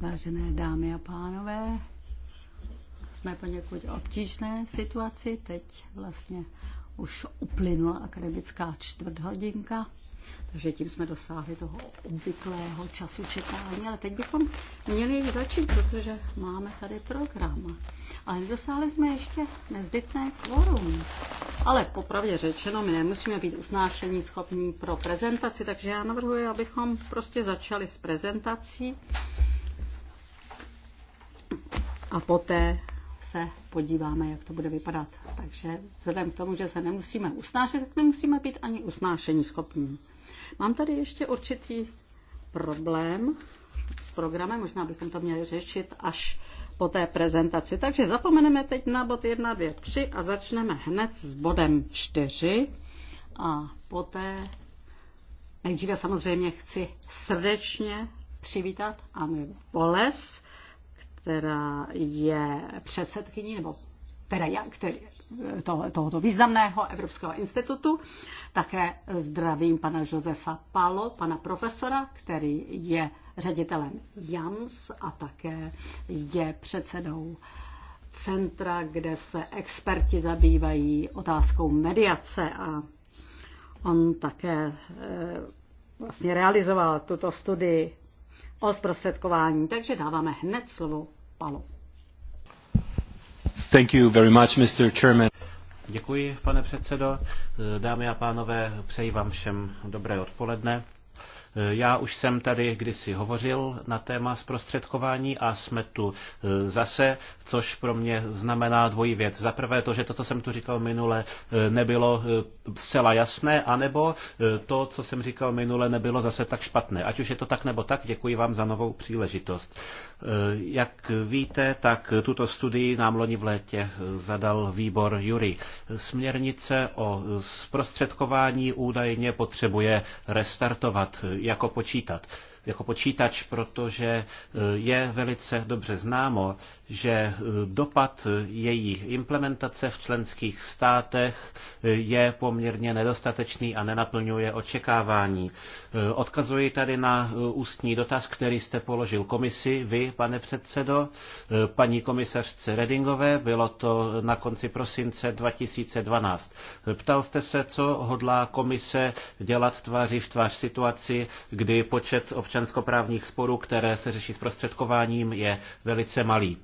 Vážené dámy a pánové, jsme poněkud obtížné situaci. Teď vlastně už uplynula akademická čtvrthodinka. Takže tím jsme dosáhli toho obvyklého času čekání, ale teď bychom měli začít, protože máme tady program. Ale dosáhli jsme ještě nezbytné kvorum. Ale popravdě řečeno, my nemusíme být usnášení schopní pro prezentaci, takže já navrhuji, abychom prostě začali s prezentací a poté se podíváme, jak to bude vypadat. Takže vzhledem k tomu, že se nemusíme usnášet, tak nemusíme být ani usnášení schopní. Mám tady ještě určitý problém s programem, možná bychom to měli řešit až po té prezentaci. Takže zapomeneme teď na bod 1, 2, 3 a začneme hned s bodem 4 a poté nejdříve samozřejmě chci srdečně přivítat Anu Boles, která je předsedkyní nebo teda já, který, toho, tohoto významného Evropského institutu. Také zdravím pana Josefa Palo, pana profesora, který je ředitelem JAMS a také je předsedou centra, kde se experti zabývají otázkou mediace a on také e, vlastně realizoval tuto studii o zprostředkování. Takže dáváme hned slovo Palo. Thank you very much, Mr. Chairman. Děkuji, pane předsedo. Dámy a pánové, přeji vám všem dobré odpoledne. Eh, já už jsem tady kdysi hovořil na téma zprostředkování a jsme tu eh, zase, což pro mě znamená dvojí věc. Za prvé to, že to, co jsem tu říkal minule, eh, nebylo zcela jasné, anebo to, co jsem říkal minule, nebylo zase tak špatné. Ať už je to tak nebo tak, děkuji vám za novou příležitost. Jak víte, tak tuto studii nám loni v létě zadal výbor Jury. Směrnice o zprostředkování údajně potřebuje restartovat jako počítat jako počítač, protože eh, je velice dobře známo, že eh, dopad její implementace v členských státech eh, je poměrně nedostatečný a nenaplňuje očekávání. Eh, odkazuji tady na ústní dotaz, který jste položil komisi, vy, pane předsedo, paní komisařce Redingové, bylo to na konci prosince 2012. Ptal jste se, co hodlá komise dělat tváři v tvář situaci, kdy počet občanskoprávních sporů, které se řeší zprostředkováním, je velice malý.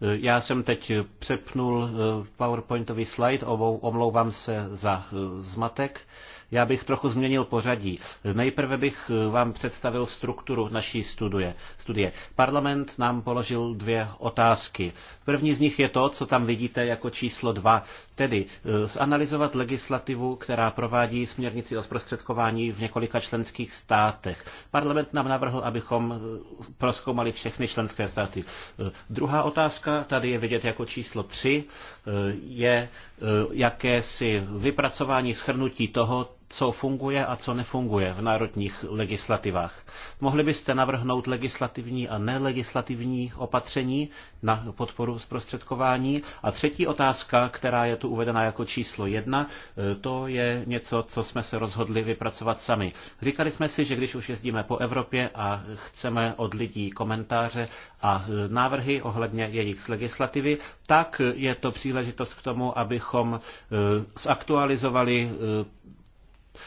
Já jsem teď přepnul eh, PowerPointový slide, omlouvám se za eh, zmatek. Já bych trochu změnil pořadí. Nejprve bych eh, vám představil strukturu naší studie. studie. Parlament nám položil dvě otázky. První z nich je to, co tam vidíte jako číslo dva, tedy eh, zanalizovat legislativu, která provádí směrnici o zprostředkování v několika členských státech. Parlament nám navrhl, abychom eh, proskoumali všechny členské státy. Druhá otázka, tady je vidět jako číslo tři, je jakési vypracování schrnutí toho, co funguje a co nefunguje v národních legislativách. Mohli byste navrhnout legislativní a nelegislativní opatření na podporu zprostředkování? A třetí otázka, která je tu uvedena jako číslo jedna, e, to je něco, co jsme se rozhodli vypracovat sami. Říkali jsme si, že když už jezdíme po Evropě a chceme od lidí komentáře a e, návrhy ohledně jejich legislativy, tak je to příležitost k tomu, abychom e, zaktualizovali Eh,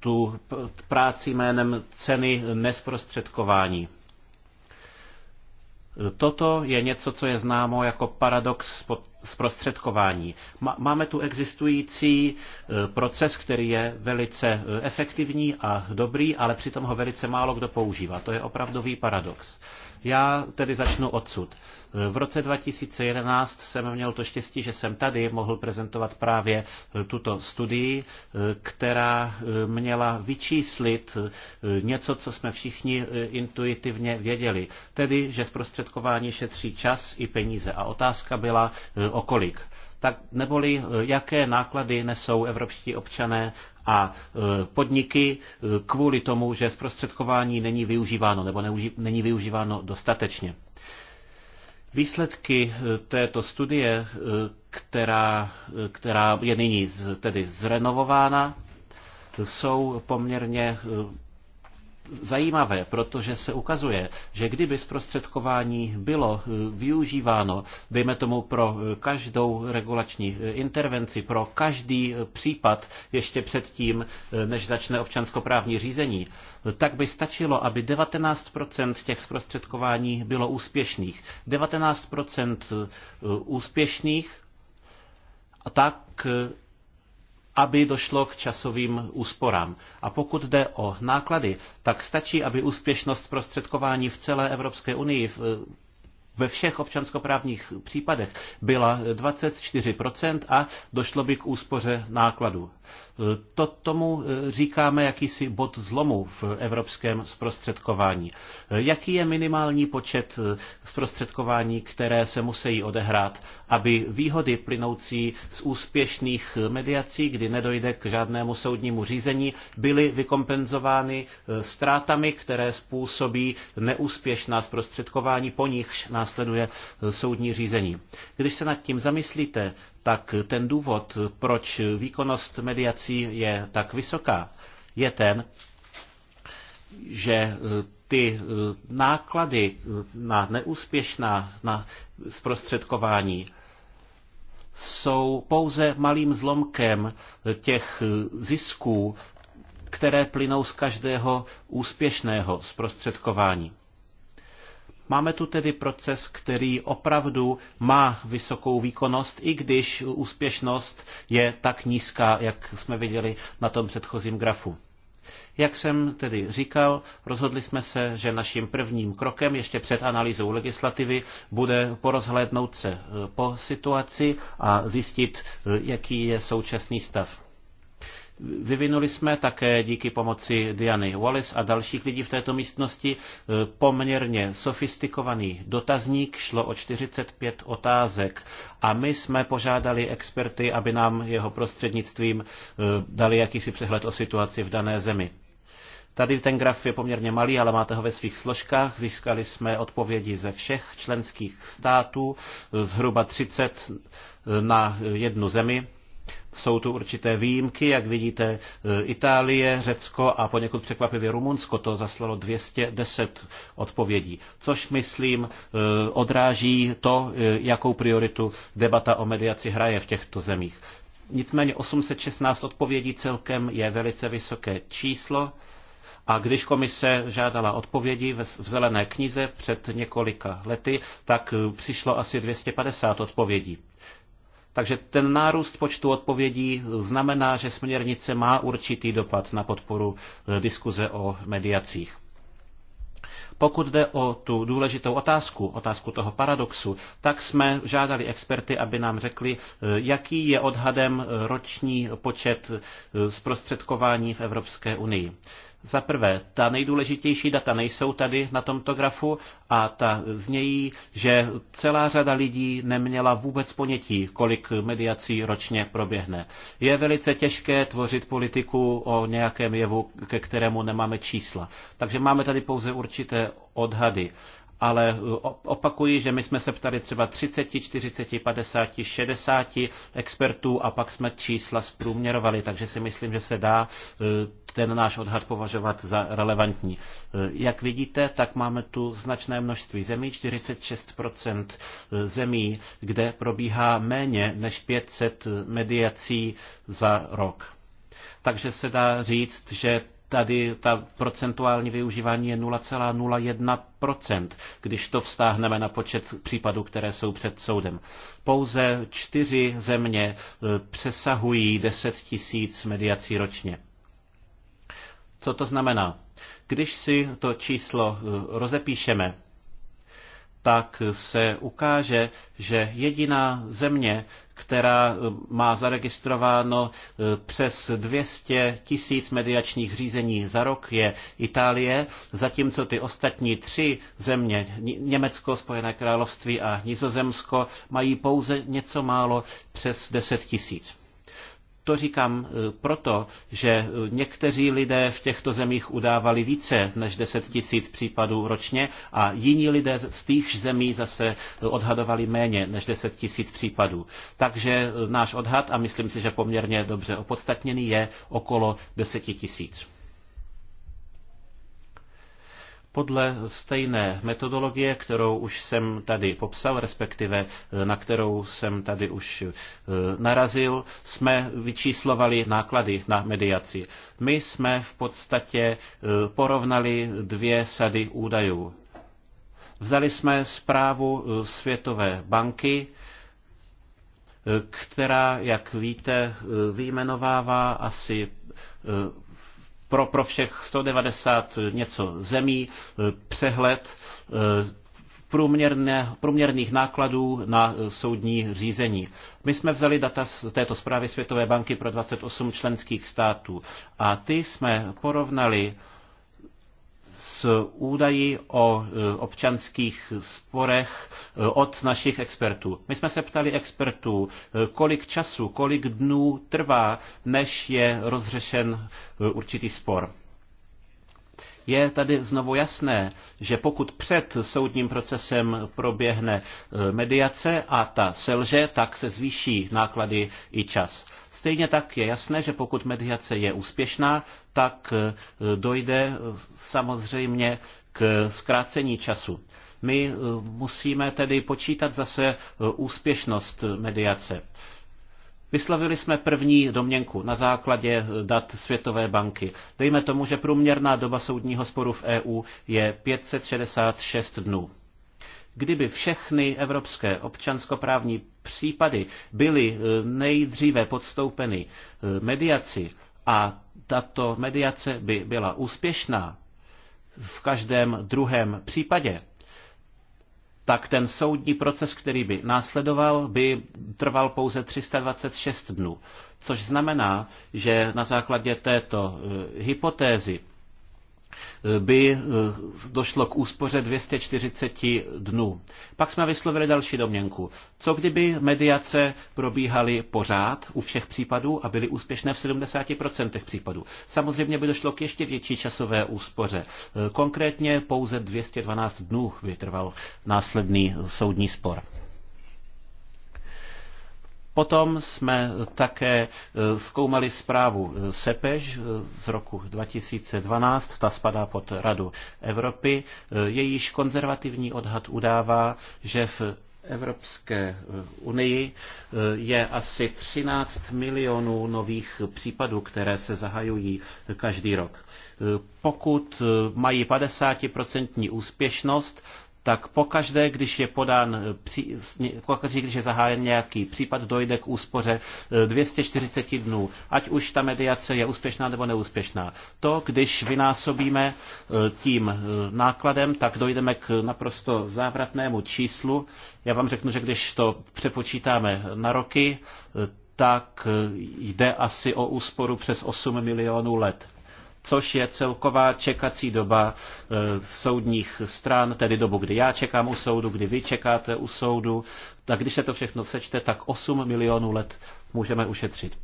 tu práci jménem ceny nesprostředkování. Eh, toto je něco, co je známo jako paradox zprostředkování. Máme tu existující eh, proces, který je velice efektivní a dobrý, ale přitom ho velice málo kdo používá. To je opravdový paradox. Já tedy začnu odsud. V roce 2011 jsem měl to štěstí, že jsem tady mohl prezentovat právě tuto studii, která měla vyčíslit něco, co jsme všichni intuitivně věděli. Tedy, že zprostředkování šetří čas i peníze. A otázka byla, o kolik tak neboli jaké náklady nesou evropští občané a e, podniky e, kvůli tomu, že zprostředkování není využíváno nebo neuži- není využíváno dostatečně. Výsledky e, této studie, která, která je nyní z, tedy zrenovována, jsou poměrně zajímavé, protože se ukazuje, že kdyby zprostředkování bylo eh, využíváno, dejme tomu pro eh, každou regulační eh, intervenci, pro každý případ ještě předtím, než začne občanskoprávní řízení, tak by stačilo, aby 19% těch zprostředkování bylo úspěšných. 19% úspěšných a tak aby došlo k časovým úsporám. A pokud jde o náklady, tak stačí, aby úspěšnost prostředkování v celé Evropské unii ve všech občanskoprávních případech byla 24% a došlo by k úspoře nákladů. To tomu e, říkáme jakýsi bod zlomu v evropském zprostředkování. Jaký je minimální počet e, zprostředkování, které se musí odehrát, aby výhody plynoucí z úspěšných mediací, kdy nedojde k žádnému soudnímu řízení, byly vykompenzovány e, ztrátami, které způsobí neúspěšná zprostředkování, po nichž nás následuje soudní řízení. Když se nad tím zamyslíte, tak ten důvod, proč výkonnost mediací je tak vysoká, je ten, že e, ty e, náklady e, na neúspěšná na zprostředkování jsou pouze malým zlomkem těch zisků, které plynou z každého úspěšného zprostředkování. Máme tu tedy proces, který opravdu má vysokou výkonnost, i když úspěšnost je tak nízká, jak jsme viděli na tom předchozím grafu. Jak jsem tedy říkal, rozhodli jsme se, že naším prvním krokem ještě před analýzou legislativy bude porozhlédnout se po situaci a zjistit, jaký je současný stav. Vyvinuli jsme také díky pomoci Diany Wallace a dalších lidí v této místnosti eh, poměrně sofistikovaný dotazník. Šlo o 45 otázek a my jsme požádali experty, aby nám jeho prostřednictvím eh, dali jakýsi přehled o situaci v dané zemi. Tady ten graf je poměrně malý, ale máte ho ve svých složkách. Získali jsme odpovědi ze všech členských států, eh, zhruba 30 na jednu zemi. Jsou tu určité výjimky, jak vidíte, e, Itálie, Řecko a poněkud překvapivě Rumunsko to zaslalo 210 odpovědí, což myslím e, odráží to, e, jakou prioritu debata o mediaci hraje v těchto zemích. Nicméně 816 odpovědí celkem je velice vysoké číslo. A když komise žádala odpovědi v zelené knize před několika lety, tak přišlo asi 250 odpovědí. Takže ten nárůst počtu odpovědí znamená, že směrnice má určitý dopad na podporu eh, diskuze o mediacích. Pokud jde o tu důležitou otázku, otázku toho paradoxu, tak jsme žádali experty, aby nám řekli, eh, jaký je odhadem eh, roční počet zprostředkování v Evropské unii. Za prvé, ta nejdůležitější data nejsou tady na tomto grafu a ta znějí, že celá řada lidí neměla vůbec ponětí, kolik mediací ročně proběhne. Je velice těžké tvořit politiku o nějakém jevu, ke kterému nemáme čísla. Takže máme tady pouze určité odhady ale eh, opakuji, že my jsme se ptali třeba 30, 40, 50, 60 expertů a pak jsme čísla zprůměrovali, takže si myslím, že se dá eh, ten náš odhad považovat za relevantní. Eh, jak vidíte, tak máme tu značné množství zemí, 46% zemí, kde probíhá méně než 500 mediací za rok. Takže se dá říct, že tady ta procentuální využívání je 0,01%, když to vztáhneme na počet případů, které jsou před soudem. Pouze čtyři země e, přesahují 10 tisíc mediací ročně. Co to znamená? Když si to číslo e, rozepíšeme, tak se ukáže, že jediná země, která eh, má zaregistrováno eh, přes 200 tisíc mediačních řízení za rok, je Itálie, zatímco ty ostatní tři země, Německo, Spojené království a Nizozemsko, mají pouze něco málo přes 10 tisíc. To říkám e, proto, že e, někteří lidé v těchto zemích udávali více než 10 tisíc případů ročně a jiní lidé z těch zemí zase e, odhadovali méně než 10 tisíc případů. Takže náš odhad, a myslím si, že poměrně dobře opodstatněný, je okolo 10 tisíc podle stejné metodologie, kterou už jsem tady popsal, respektive eh, na kterou jsem tady už eh, narazil, jsme vyčíslovali náklady na mediaci. My jsme v podstatě eh, porovnali dvě sady údajů. Vzali jsme zprávu Světové banky, která, jak víte, vyjmenovává asi pro, pro všech 190 něco zemí e, přehled e, průměrné, průměrných nákladů na e, soudní řízení. My jsme vzali data z této zprávy Světové banky pro 28 členských států a ty jsme porovnali s údaji o e, občanských sporech e, od našich expertů. My jsme se ptali expertů, e, kolik času, kolik dnů trvá, než je rozřešen určitý spor. Je tady znovu jasné, že pokud před soudním procesem proběhne e, mediace a ta selže, tak se zvýší náklady i čas. Stejně tak je jasné, že pokud mediace je úspěšná, tak e, dojde e, samozřejmě k zkrácení času. My musíme tedy počítat zase úspěšnost mediace. Vyslavili jsme první domněnku na základě dat Světové banky. Dejme tomu, že průměrná doba soudního sporu v EU je 566 dnů. Kdyby všechny evropské občanskoprávní případy byly eh, nejdříve podstoupeny eh, mediaci a tato mediace by byla úspěšná v každém druhém případě, tak ten soudní proces, který by následoval, by trval pouze 326 dnů. Což znamená, že na základě této eh, hypotézy by eh, došlo k úspoře 240 dnů. Pak jsme vyslovili další domněnku. Co kdyby mediace probíhaly pořád u všech případů a byly úspěšné v 70% případů? Samozřejmě by došlo k ještě větší časové úspoře. Eh, konkrétně pouze 212 dnů by trval následný soudní spor. Potom jsme také eh, zkoumali zprávu eh, SEPEŽ eh, z roku 2012, ta spadá pod Radu Evropy. Jejíž konzervativní odhad udává, že v Evropské unii je asi 13 milionů nových případů, které se zahajují každý rok. Pokud mají 50% úspěšnost, tak pokaždé, když je podán, eh, pokaždé, když je zahájen nějaký případ, dojde k úspoře 240 eh, dnů, ať už ta mediace je úspěšná nebo neúspěšná. To, když vynásobíme eh, tím nákladem, tak dojdeme k naprosto závratnému číslu. Já vám řeknu, že když to přepočítáme na roky, tak jde asi o úsporu přes 8 milionů let což je celková čekací doba e, soudních stran, tedy dobu, kdy já čekám u soudu, kdy vy čekáte u soudu. Tak když se to všechno sečte, tak 8 milionů let můžeme ušetřit.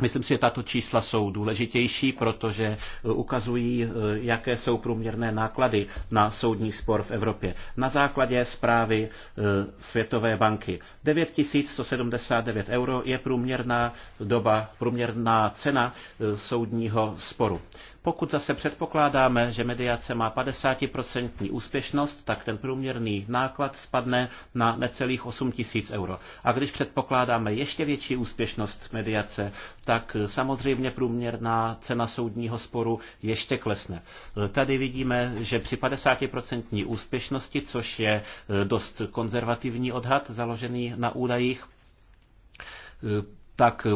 Myslím si, že tato čísla jsou důležitější, protože e, ukazují, e, jaké jsou průměrné náklady na soudní spor v Evropě. Na základě zprávy e, Světové banky 9179 euro je průměrná doba, průměrná cena soudního sporu. Pokud zase předpokládáme, že mediace má 50% úspěšnost, tak ten průměrný náklad spadne na necelých 8 tisíc euro. A když předpokládáme ještě větší úspěšnost mediace, tak samozřejmě průměrná cena soudního sporu ještě klesne. Tady vidíme, že při 50% úspěšnosti, což je e, dost konzervativní odhad založený na údajích, e, tak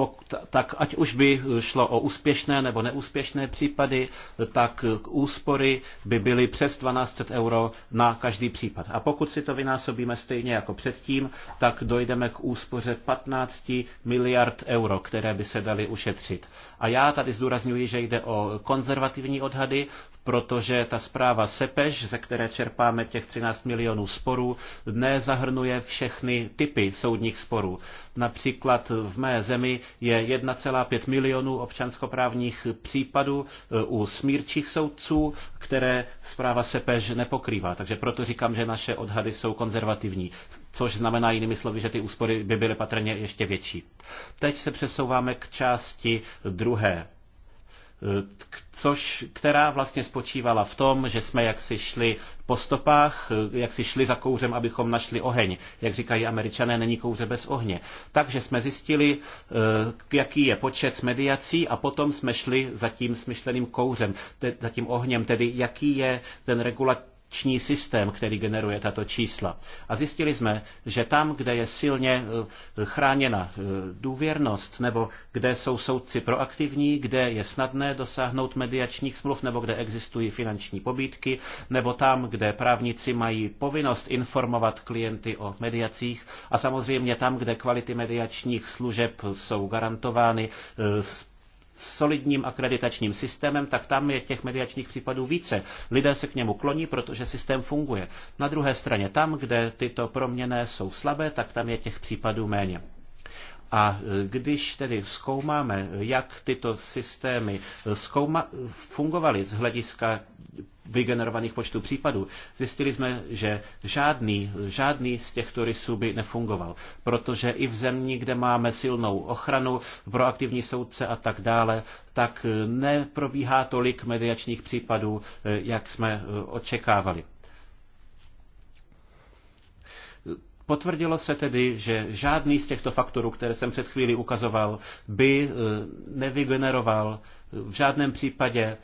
pokud, tak ať už by šlo o úspěšné nebo neúspěšné případy, tak úspory by byly přes 1200 euro na každý případ. A pokud si to vynásobíme stejně jako předtím, tak dojdeme k úspoře 15 miliard euro, které by se daly ušetřit. A já tady zdůraznuju, že jde o konzervativní odhady. V protože ta zpráva SEPEŽ, ze které čerpáme těch 13 milionů sporů, nezahrnuje všechny typy soudních sporů. Například v mé zemi je 1,5 milionů občanskoprávních případů eh, u smírčích soudců, které zpráva SEPEŽ nepokrývá. Takže proto říkám, že naše odhady jsou konzervativní, což znamená jinými slovy, že ty úspory by byly patrně ještě větší. Teď se přesouváme k části druhé což, která vlastně spočívala v tom, že jsme jaksi šli po stopách, jaksi šli za kouřem, abychom našli oheň. Jak říkají američané, není kouře bez ohně. Takže jsme zjistili, eh, jaký je počet mediací a potom jsme šli za tím smyšleným kouřem, za tím ohněm, tedy jaký je ten regula, funkční systém, který generuje tato čísla. A zjistili jsme, že tam, kde je silně eh, chráněna eh, důvěrnost, nebo kde jsou soudci proaktivní, kde je snadné dosáhnout mediačních smluv, nebo kde existují finanční pobídky, nebo tam, kde právníci mají povinnost informovat klienty o mediacích a samozřejmě tam, kde kvality mediačních služeb jsou garantovány, eh, solidním akreditačním systémem, tak tam je těch mediačních případů více. Lidé se k němu kloní, protože systém funguje. Na druhé straně tam, kde tyto proměny jsou slabé, tak tam je těch případů méně. A e, když tedy zkoumáme, jak tyto systémy e, zkouma- fungovaly z hlediska vygenerovaných počtů případů, zjistili jsme, že žádný, žádný z těchto rysů by nefungoval, protože i v zemí, kde máme silnou ochranu, proaktivní soudce a tak dále, tak e, neprobíhá tolik mediačních případů, jak jsme očekávali. Potvrdilo se tedy, že žádný z těchto faktorů, které jsem před chvílí ukazoval, by e, nevygeneroval v žádném případě e,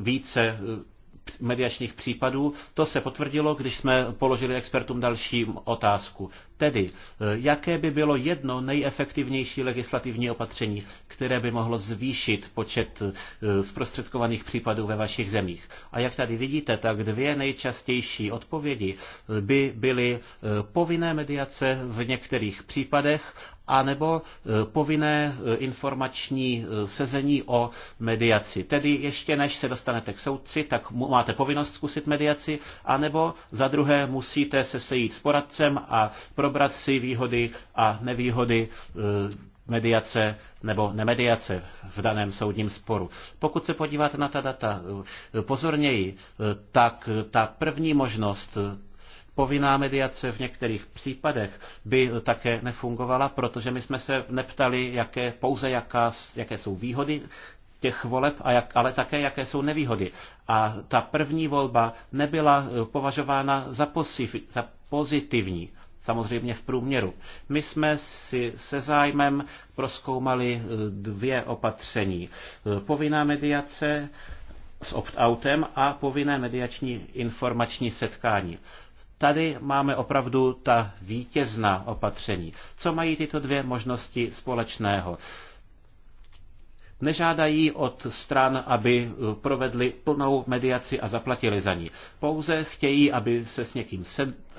více e, mediačních případů. To se potvrdilo, když jsme položili expertům další otázku. Tedy, eh, jaké by bylo jedno nejefektivnější legislativní opatření, které by mohlo zvýšit počet eh, zprostředkovaných případů ve vašich zemích? A jak tady vidíte, tak dvě nejčastější odpovědi eh, by byly povinné mediace v některých případech anebo e, povinné e, informační e, sezení o mediaci. Tedy ještě než se dostanete k soudci, tak máte povinnost zkusit mediaci, anebo za druhé musíte se sejít s poradcem a probrat si výhody a nevýhody mediace nebo nemediace v daném soudním sporu. Pokud se podíváte na ta data pozorněji, tak ta první možnost, Povinná mediace v některých případech by také nefungovala, protože my jsme se neptali, jaké, pouze jaká, jaké jsou výhody těch voleb, a jak, ale také jaké jsou nevýhody. A ta první volba nebyla považována za, posiv, za pozitivní samozřejmě v průměru. My jsme si se zájmem proskoumali dvě opatření. Povinná mediace s opt-outem a povinné mediační informační setkání. Tady máme opravdu ta vítězná opatření. Co mají tyto dvě možnosti společného? nežádají od stran, aby eh, provedli plnou mediaci a zaplatili za ní. Pouze chtějí, aby se s někým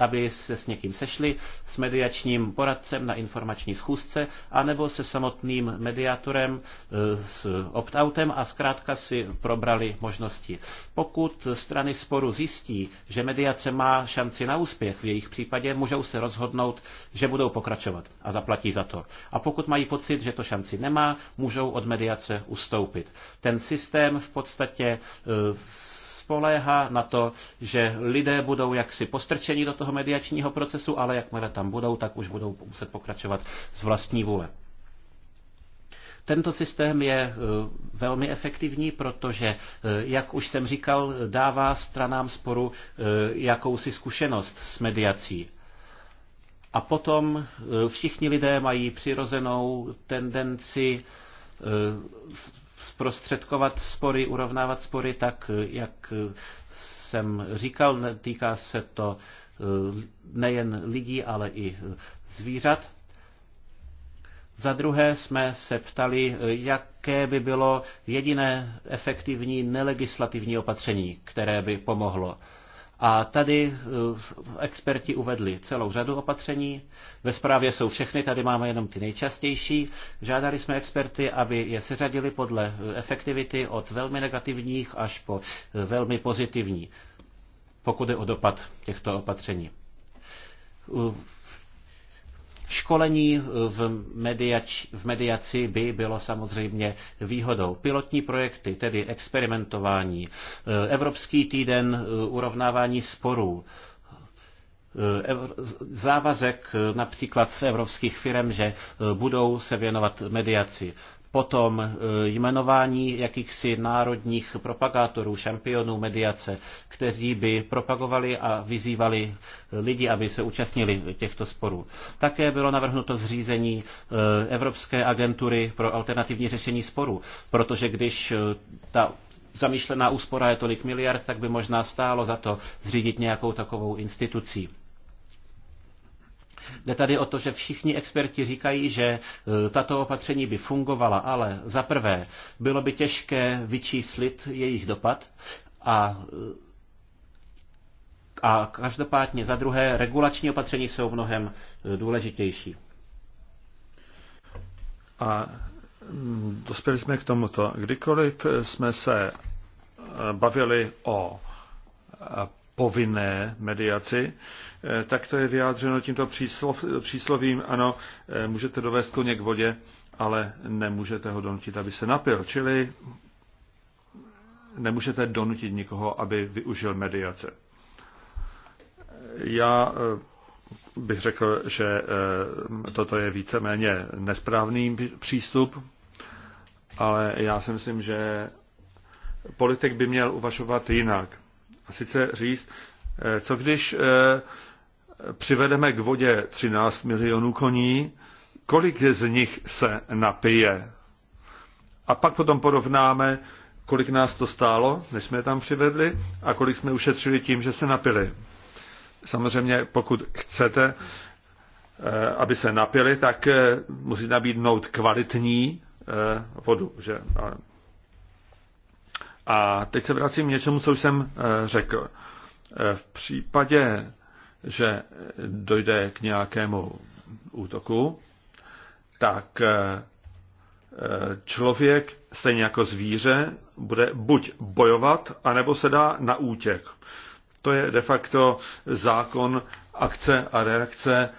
aby se s někým sešli, s mediačním poradcem na informační schůzce, anebo se samotným mediátorem e, s opt-outem a zkrátka si probrali možnosti. Pokud strany sporu zjistí, že mediace má šanci na úspěch v jejich případě, můžou se rozhodnout, že budou pokračovat a zaplatí za to. A pokud mají pocit, že to šanci nemá, můžou od mediace ustoupit. Ten systém v podstatě e, spoléhá na to, že lidé budou jaksi postrčeni do toho mediačního procesu, ale jakmile tam budou, tak už budou muset pokračovat z vlastní vůle. Tento systém je e, velmi efektivní, protože, e, jak už jsem říkal, dává stranám sporu e, jakousi zkušenost s mediací. A potom všichni lidé mají přirozenou tendenci zprostředkovat spory, urovnávat spory, tak jak jsem říkal, týká se to eh, nejen lidí, ale i eh, zvířat. Za druhé jsme se ptali, eh, jaké by bylo jediné efektivní nelegislativní opatření, které by pomohlo. A tady eh, experti uvedli celou řadu opatření. Ve zprávě jsou všechny, tady máme jenom ty nejčastější. Žádali jsme experty, aby je seřadili podle eh, efektivity od velmi negativních až po eh, velmi pozitivní, pokud je o dopad těchto opatření Školení v, mediač, v mediaci by bylo samozřejmě výhodou. Pilotní projekty, tedy experimentování, eh, Evropský týden eh, urovnávání sporů, eh, závazek například z evropských firm, že budou se věnovat mediaci. Potom e, jmenování jakýchsi národních propagátorů, šampionů mediace, kteří by propagovali a vyzývali lidi, aby se účastnili těchto sporů. Také bylo navrhnuto zřízení e, Evropské agentury pro alternativní řešení sporů, protože když e, ta zamýšlená úspora je tolik miliard, tak by možná stálo za to zřídit nějakou takovou institucí. Jde tady o to, že všichni experti říkají, že e, tato opatření by fungovala, ale za prvé bylo by těžké vyčíslit jejich dopad a e, a každopádně za druhé, regulační opatření jsou mnohem e, důležitější. A mm, dospěli jsme k tomuto. Kdykoliv jsme se bavili o povinné mediaci, eh, tak to je vyjádřeno tímto příslov, příslovím, ano, eh, můžete dovést koně k vodě, ale nemůžete ho donutit, aby se napil. Čili nemůžete donutit nikoho, aby využil mediace. Já eh, bych řekl, že toto je víceméně nesprávný přístup, ale já si myslím, že politik by měl uvažovat jinak. A sice říct, eh, co když eh, přivedeme k vodě 13 milionů koní, kolik z nich se napije. A pak potom porovnáme, kolik nás to stálo, než jsme je tam přivedli, a kolik jsme ušetřili tím, že se napili. Samozřejmě, pokud chcete, eh, aby se napili, tak musí nabídnout kvalitní vodu. Že? A teď se vracím k něčemu, co jsem eh, řekl. Eh, v případě, že dojde k nějakému útoku, tak eh, člověk, stejně jako zvíře, bude buď bojovat, anebo se dá na útěk. To je de facto zákon akce a reakce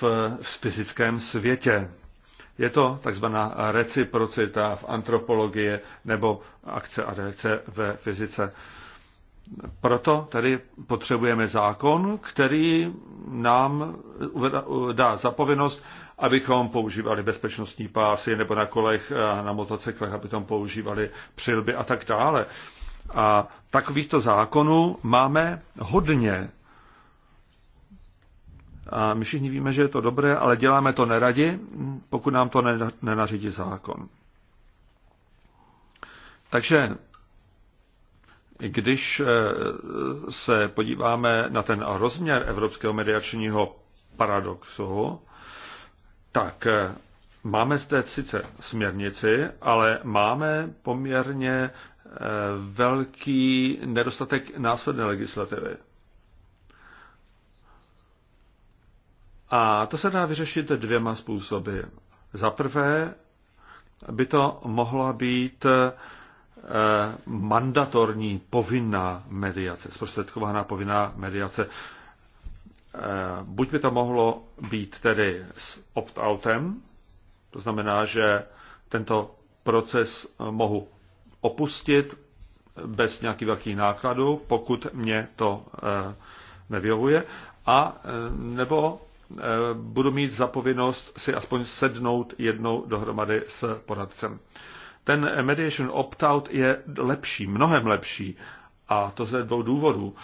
v fyzickém světě. Je to takzvaná reciprocita v antropologii nebo akce a reakce ve fyzice. Proto tedy potřebujeme zákon, který nám dá zapovinnost, abychom používali bezpečnostní pásy nebo na kolech a na motocyklech, abychom používali přilby a tak dále. A takovýchto zákonů máme hodně a my všichni víme, že je to dobré, ale děláme to neradi, pokud nám to nenařídí zákon. Takže když eh, se podíváme na ten rozměr evropského mediačního paradoxu, tak eh, máme zde sice směrnici, ale máme poměrně eh, velký nedostatek následné legislativy. A to se dá vyřešit dvěma způsoby. Za prvé by to mohla být eh, mandatorní povinná mediace, zprostředkovaná povinná mediace. Eh, buď by to mohlo být tedy s opt-outem, to znamená, že tento proces mohu opustit bez nějakých velkých nákladů, pokud mě to eh, nevyhovuje, a nebo Eh, budu mít zapovinnost si aspoň sednout jednou dohromady s poradcem. Ten mediation opt-out je lepší, mnohem lepší. A to ze dvou důvodů.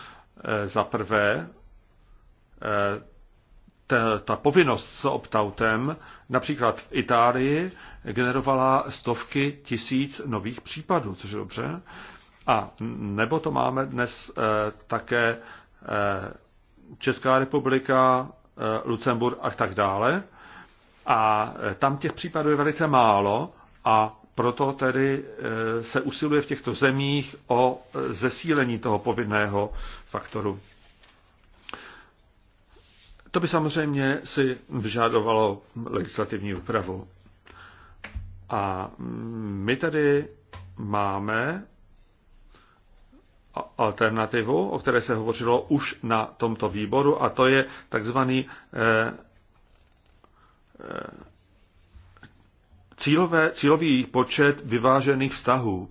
Eh, za prvé, eh, ta, ta povinnost s opt-outem například v Itálii generovala stovky tisíc nových případů, což je dobře. A nebo to máme dnes také Česká republika, Eh, Lucemburg a tak dále. A eh, tam těch případů je velice málo a proto tedy eh, se usiluje v těchto zemích o zesílení toho povinného faktoru. To by samozřejmě si vyžadovalo legislativní úpravu. A mm, my tady máme alternativu, o které se hovořilo už na tomto výboru, a to je takzvaný eh, eh, cílové, cílový počet vyvážených vztahů.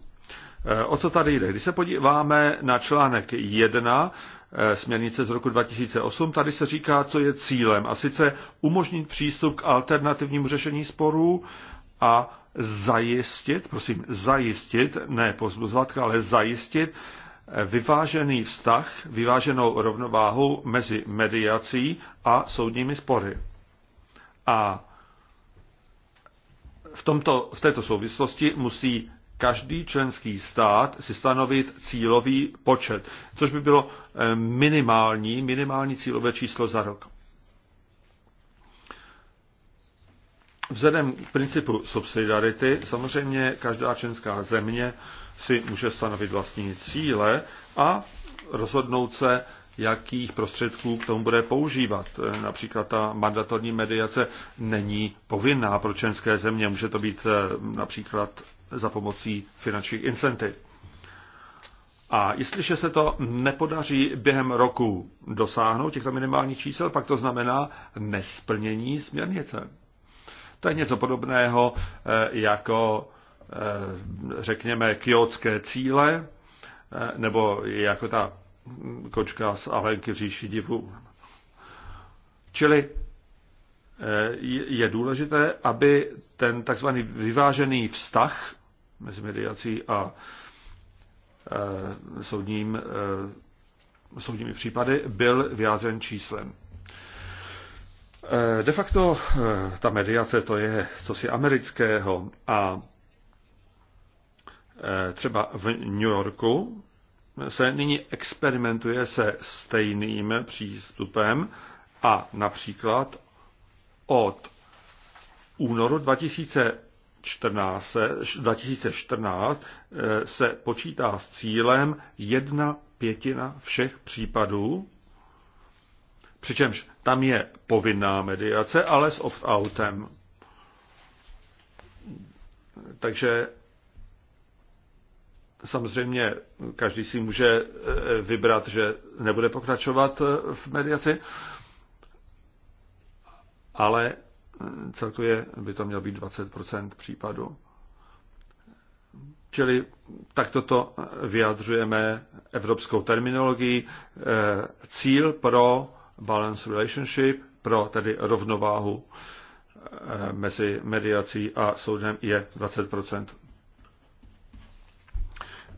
Eh, o co tady jde? Když se podíváme na článek 1 směrnice z roku 2008, tady se říká, co je cílem, a sice umožnit přístup k alternativnímu řešení sporů a zajistit, prosím, zajistit, ne pozbuzovat, ale zajistit vyvážený vztah, vyváženou rovnováhu mezi mediací a soudními spory. A v, tomto, v této souvislosti musí každý členský stát si stanovit cílový počet, což by bylo eh, minimální, minimální cílové číslo za rok. Vzhledem k principu subsidiarity samozřejmě každá členská země si může stanovit vlastní cíle a rozhodnout se, jakých prostředků k tomu bude používat. Například ta mandatorní mediace není povinná pro členské země, může to být eh, například za pomocí finančních incentiv. A jestliže se to nepodaří během roku dosáhnout těchto minimálních čísel, pak to znamená nesplnění směrnice. To je něco podobného eh, jako Eh, řekněme, kiotské cíle, eh, nebo jako ta kočka z Alenky v říši divu. Čili eh, je důležité, aby ten takzvaný vyvážený vztah mezi mediací a soudním, soudními případy byl vyjádřen číslem. De facto ta mediace to je cosi amerického a Eh, třeba v New Yorku se nyní experimentuje se stejným přístupem a například od únoru 2014, 2014 eh, se počítá s cílem jedna pětina všech případů, přičemž tam je povinná mediace, ale s opt-outem. Takže samozřejmě každý si může eh, vybrat, že nebude pokračovat eh, v mediaci, ale eh, celkově by to mělo být 20 případů. Čili takto to vyjadřujeme evropskou terminologií. Cíl pro balance relationship, pro tedy rovnováhu mezi mediací a soudem je 20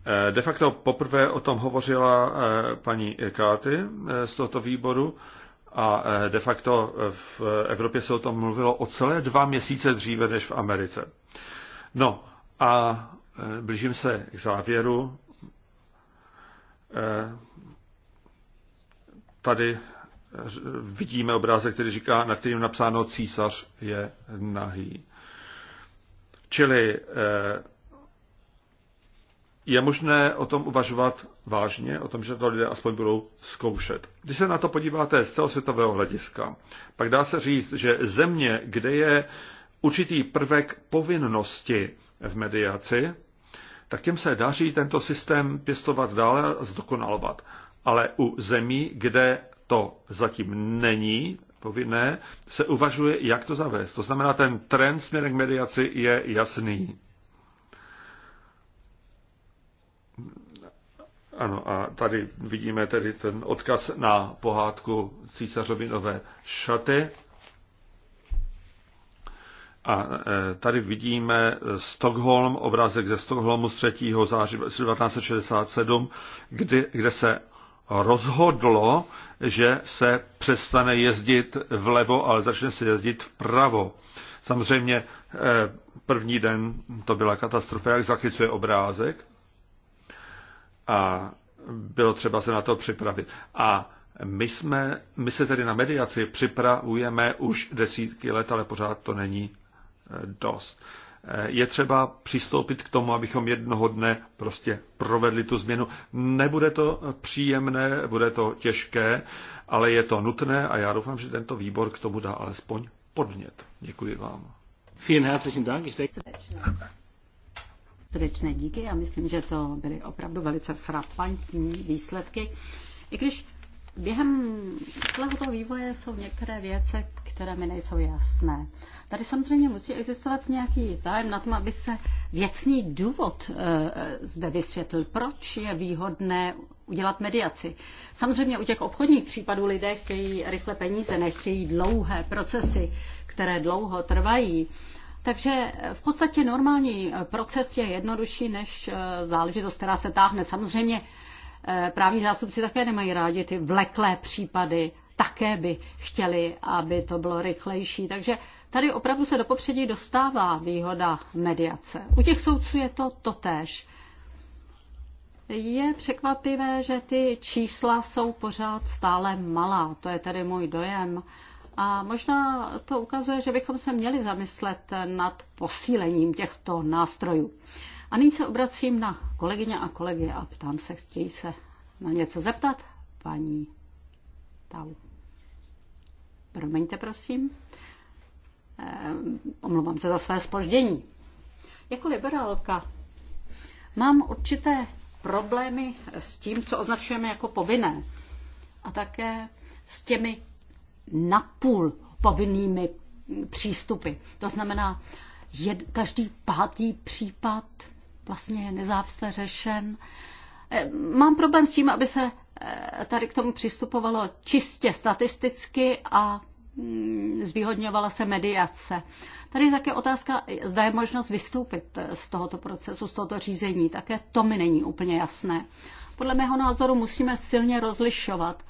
Eh, de facto poprvé o tom hovořila eh, paní Káty eh, z tohoto výboru a de facto v Evropě se o tom mluvilo o celé dva měsíce dříve než v Americe. No a blížím se k závěru. Tady vidíme obrázek, který říká, na kterým napsáno císař je nahý. Čili je možné o tom uvažovat vážně, o tom, že to lidé aspoň budou zkoušet. Když se na to podíváte z celosvětového hlediska, pak dá se říct, že země, kde je určitý prvek povinnosti v mediaci, tak těm se daří tento systém pěstovat dále a zdokonalovat. Ale u zemí, kde to zatím není povinné, se uvažuje, jak to zavést. To znamená, ten trend směrem k mediaci je jasný. Ano, a tady vidíme tedy ten odkaz na pohádku nové šaty. A e, tady vidíme Stockholm, obrázek ze Stockholmu z 3. září 1967, kdy, kde se rozhodlo, že se přestane jezdit vlevo, ale začne se jezdit vpravo. Samozřejmě e, první den to byla katastrofa, jak zachycuje obrázek a bylo třeba se na to připravit. A my, jsme, my se tedy na mediaci připravujeme už desítky let, ale pořád to není e, dost. E, je třeba přistoupit k tomu, abychom jednoho dne prostě provedli tu změnu. Nebude to příjemné, bude to těžké, ale je to nutné a já doufám, že tento výbor k tomu dá alespoň podnět. Děkuji vám. Vielen herzlichen Dank. Ich denke srdečné díky. Já myslím, že to byly opravdu velice frapantní výsledky. I když během celého toho vývoje jsou některé věci, které mi nejsou jasné. Tady samozřejmě musí existovat nějaký zájem na tom, aby se věcný důvod eh, zde vysvětlil, proč je výhodné udělat mediaci. Samozřejmě u těch obchodních případů lidé chtějí rychle peníze, nechtějí dlouhé procesy, které dlouho trvají. Takže v podstatě normální eh, proces je jednodušší než eh, záležitost, která se táhne. Samozřejmě eh, právní zástupci také nemají rádi ty vleklé případy, také by chtěli, aby to bylo rychlejší. Takže tady opravdu se do popředí dostává výhoda mediace. U těch soudců je to totéž je překvapivé, že ty čísla jsou pořád stále malá. To je tedy můj dojem. A možná to ukazuje, že bychom se měli zamyslet nad posílením těchto nástrojů. A nyní se obracím na kolegyně a kolegy a ptám se, chtějí se na něco zeptat? Paní Tau. Promiňte, prosím. Ehm, omlouvám se za své spoždění. Jako liberálka mám určité problémy s tím, co označujeme jako povinné a také s těmi napůl povinnými přístupy. To znamená, jed, každý pátý případ vlastně je nezávisle řešen. Eh, mám problém s tím, aby se eh, tady k tomu přistupovalo čistě statisticky a Mm, zvýhodňovala se mediace. Tady je také otázka, zda je možnost vystoupit eh, z tohoto procesu, z tohoto řízení. Také to mi není úplně jasné. Podle mého názoru musíme silně rozlišovat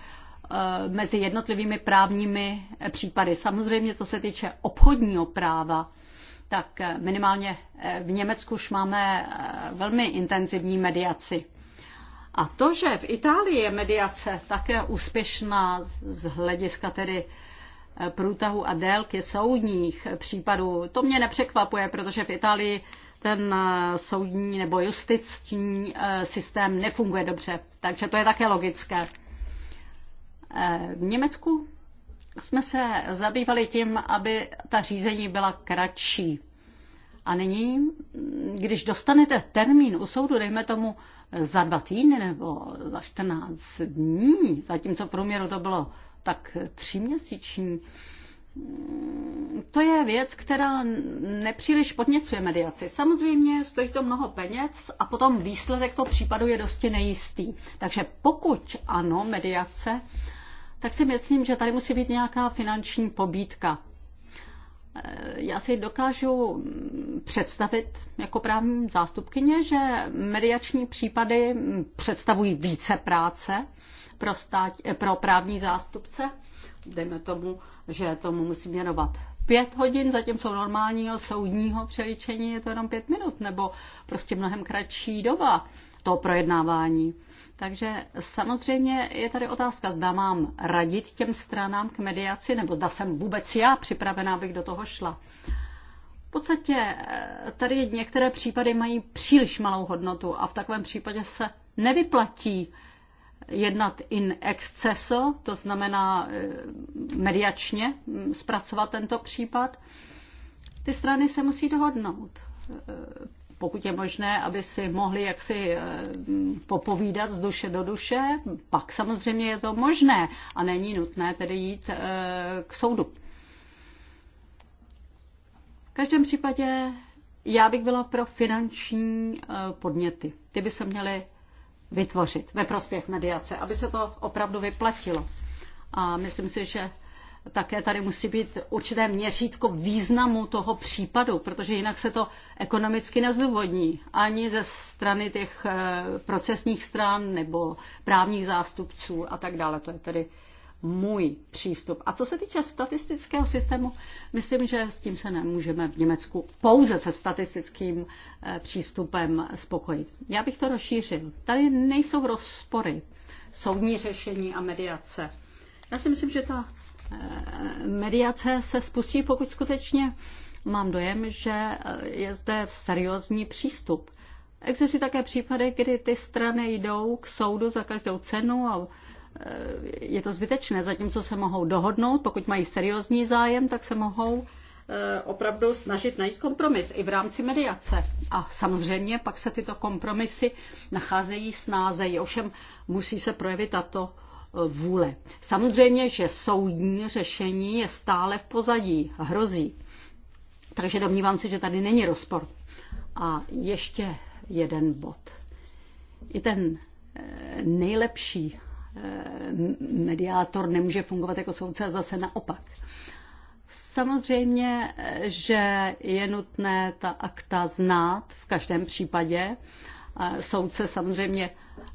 eh, mezi jednotlivými právními eh, případy. Samozřejmě, co se týče obchodního práva, tak minimálně v Německu už máme velmi intenzivní mediaci. A to, že v Itálii je mediace také úspěšná z hlediska tedy uh, průtahu a délky soudních případů. To mě nepřekvapuje, protože v Itálii ten eh, soudní nebo justiční eh, systém nefunguje dobře. Takže to je také logické. Eh, v Německu jsme se zabývali tím, aby ta řízení byla kratší. A nyní, když dostanete termín u soudu, dejme tomu za dva týdny nebo za 14 dní, zatímco v průměru to bylo tak tříměsíční, to je věc, která nepříliš podněcuje mediaci. Samozřejmě stojí to mnoho peněz a potom výsledek toho případu je dosti nejistý. Takže pokud ano, mediace, tak si myslím, že tady musí být nějaká finanční pobídka. Eh, já si dokážu mm, představit jako právní zástupkyně, že mediační případy mm, představují více práce, pro, stát, eh, pro právní zástupce. Dejme tomu, že tomu musí věnovat pět hodin, zatímco normálního soudního přeličení je to jenom pět minut, nebo prostě mnohem kratší doba toho projednávání. Takže samozřejmě je tady otázka, zda mám radit těm stranám k mediaci, nebo zda jsem vůbec já připravená, abych do toho šla. V podstatě eh, tady některé případy mají příliš malou hodnotu a v takovém případě se nevyplatí jednat in exceso, to znamená e, mediačně zpracovat tento případ. Ty strany se musí dohodnout e, pokud je možné, aby si mohli jaksi e, popovídat z duše do duše, pak samozřejmě je to možné a není nutné tedy jít k soudu. V každém případě já bych byla pro finanční podněty. Ty by se měly vytvořit ve prospěch mediace, aby se to opravdu vyplatilo. A myslím si, že také tady musí být určité měřítko významu toho případu, protože jinak se to ekonomicky nezdůvodní ani ze strany těch eh, procesních stran nebo právních zástupců a tak dále. To je tedy můj přístup. A co se týče statistického systému, myslím, že s tím se nemůžeme v Německu pouze se statistickým eh, přístupem spokojit. Já bych to rozšířil. Tady nejsou rozpory, soudní řešení a mediace. Já si myslím, že ta eh, mediace se spustí, pokud skutečně mám dojem, že eh, je zde seriózní přístup. Existují také případy, kdy ty strany jdou k soudu za každou cenu a je to zbytečné. Zatímco se mohou dohodnout, pokud mají seriózní zájem, tak se mohou eh, opravdu snažit najít kompromis i v rámci mediace. A samozřejmě pak se tyto kompromisy nacházejí snázejí, ovšem musí se projevit tato eh, vůle. Samozřejmě, že soudní řešení je stále v pozadí, hrozí. Takže domnívám se, že tady není rozpor. A ještě jeden bod. I ten eh, nejlepší Eh, mediátor nemůže fungovat jako soudce a zase naopak. Samozřejmě, eh, že je nutné ta akta znát v každém případě. Eh, soudce samozřejmě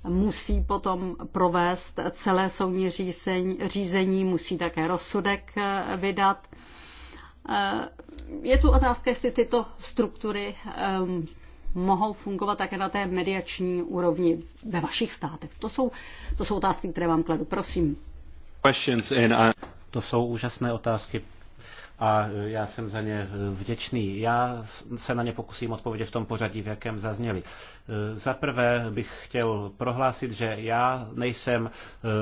musí potom provést celé soudní řízení, řízení musí také rozsudek vydat. Je tu otázka, jestli tyto struktury ehm, mohou fungovat také na té mediační úrovni ve vašich státech? To jsou, to jsou otázky, které vám kladu. Prosím. To jsou úžasné otázky, a e, já jsem za ně e, vděčný. Já se na ně pokusím odpovědět v tom pořadí, v jakém zazněli. E, za prvé bych chtěl prohlásit, že já nejsem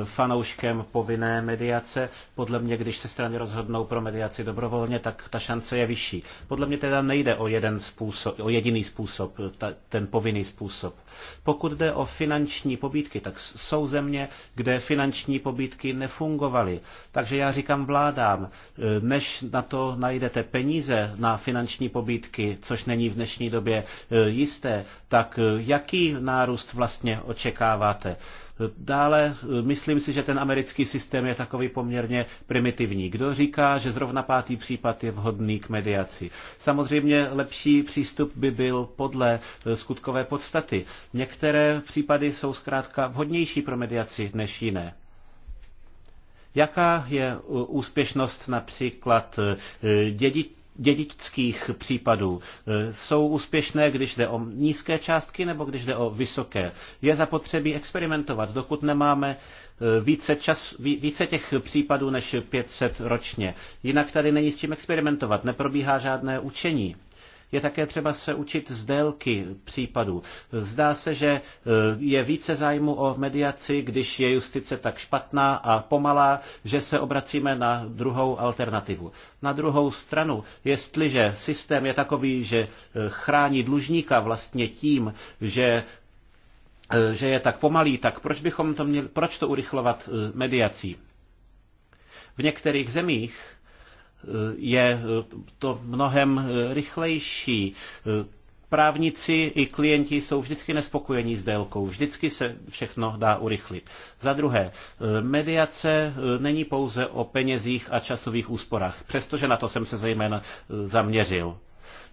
fanouškem povinné mediace. Podle mě, když se strany rozhodnou pro mediaci dobrovolně, tak ta šance je vyšší. Podle mě teda nejde o, jeden způsob, o jediný způsob, ta, ten povinný způsob. Pokud jde o finanční pobídky, tak jsou země, kde finanční pobídky nefungovaly. Takže já říkám vládám, než na to najdete peníze na finanční pobídky, což není v dnešní době e, jisté, tak e, jaký nárůst vlastně očekáváte? E, dále myslím si, že ten americký systém je takový poměrně primitivní. Kdo říká, že zrovna pátý případ je vhodný k mediaci? Samozřejmě lepší přístup by byl podle skutkové podstaty. Některé případy jsou zkrátka vhodnější pro mediaci než jiné. Jaká je úspěšnost například e, dědit, dědičských případů? E, jsou úspěšné, když jde o nízké částky nebo když jde o vysoké? Je zapotřebí experimentovat, dokud nemáme e, více, čas, více těch případů než 500 ročně. Jinak tady není s čím experimentovat, neprobíhá žádné učení. Je také třeba se učit z délky případů. Zdá se, že eh, je více zájmu o mediaci, když je justice tak špatná a pomalá, že se obracíme na druhou alternativu. Na druhou stranu, jestliže systém je takový, že eh, chrání dlužníka vlastně tím, že eh, že je tak pomalý, tak proč bychom to měli, proč to urychlovat mediací? V některých zemích je eh, to mnohem eh, rychlejší. Eh, právníci i klienti jsou vždycky nespokojení s délkou, vždycky se všechno dá urychlit. Za druhé, mediace není pouze o penězích a časových úsporách, přestože na to jsem se zejména zaměřil.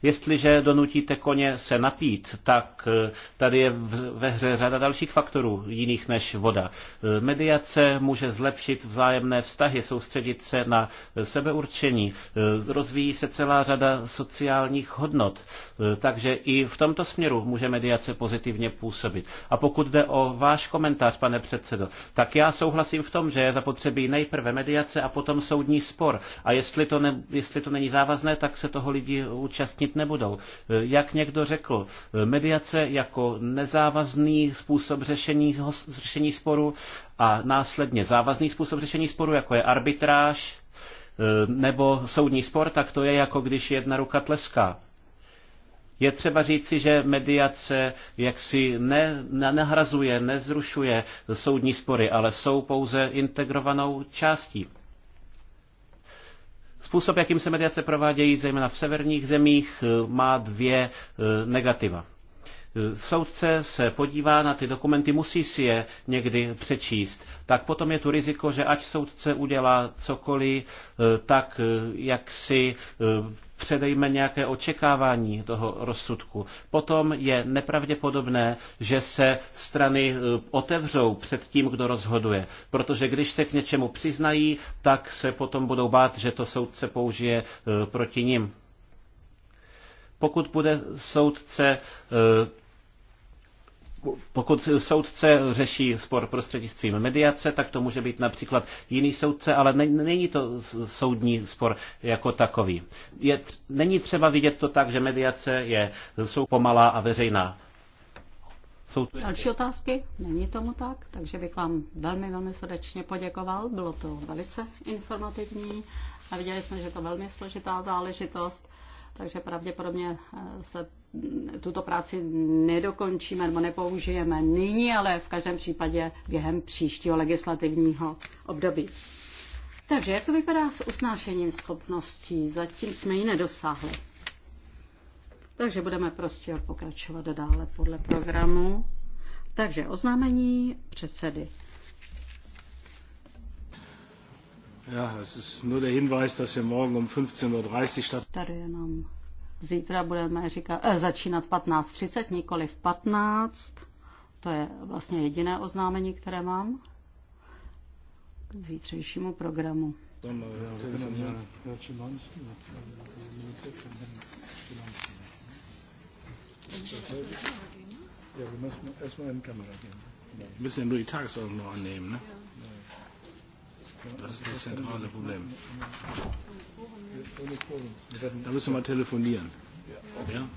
Jestliže donutíte koně se napít, tak eh, tady je ve hře řada dalších faktorů jiných než voda. Eh, mediace může zlepšit vzájemné vztahy, soustředit se na sebeurčení. Eh, rozvíjí se celá řada sociálních hodnot. Takže i v tomto směru může mediace pozitivně působit. A pokud jde o váš komentář, pane předsedo, tak já souhlasím v tom, že je zapotřebí nejprve mediace a potom soudní spor. A jestli to, ne, jestli to není závazné, tak se toho lidi účastnit mít nebudou. Eh, jak někdo řekl, eh, mediace jako nezávazný způsob řešení, řešení sporu a následně závazný způsob řešení sporu, jako je arbitráž eh, nebo soudní spor, tak to je jako když jedna ruka tleská. Je třeba říci, že mediace jaksi ne, ne, nehrazuje, nezrušuje soudní spory, ale jsou pouze integrovanou částí. Způsob, jakým se mediace provádějí, zejména v severních zemích, má dvě eh, negativa soudce se podívá na ty dokumenty, musí si je někdy přečíst, tak potom je tu riziko, že ať soudce udělá cokoliv, eh, tak eh, jak si eh, předejme nějaké očekávání toho rozsudku. Potom je nepravděpodobné, že se strany otevřou před tím, kdo rozhoduje. Protože když se k něčemu přiznají, tak se potom budou bát, že to soudce použije proti nim pokud bude soudce pokud soudce řeší spor prostřednictvím mediace, tak to může být například jiný soudce, ale není to soudní spor jako takový. Je, není třeba vidět to tak, že mediace je, jsou pomalá a veřejná. Jsou tu Další otázky? Není tomu tak, takže bych vám velmi, velmi srdečně poděkoval. Bylo to velice informativní a viděli jsme, že to je velmi složitá záležitost takže pravděpodobně eh, se mm, tuto práci nedokončíme nebo nepoužijeme nyní, ale v každém případě během příštího legislativního období. Takže jak to vypadá s usnášením schopností? Zatím jsme ji nedosáhli. Takže budeme prostě pokračovat dále podle programu. Takže oznámení předsedy. Tady jenom zítra budeme říkat, eh, začínat 15.30, nikoli v 15. To je vlastně jediné oznámení, které mám k zítřejšímu programu. wir müssen nur die Tagesordnung noch annehmen, ne? Ja. Das ist das zentrale Problem. Da müssen wir mal telefonieren. Ja?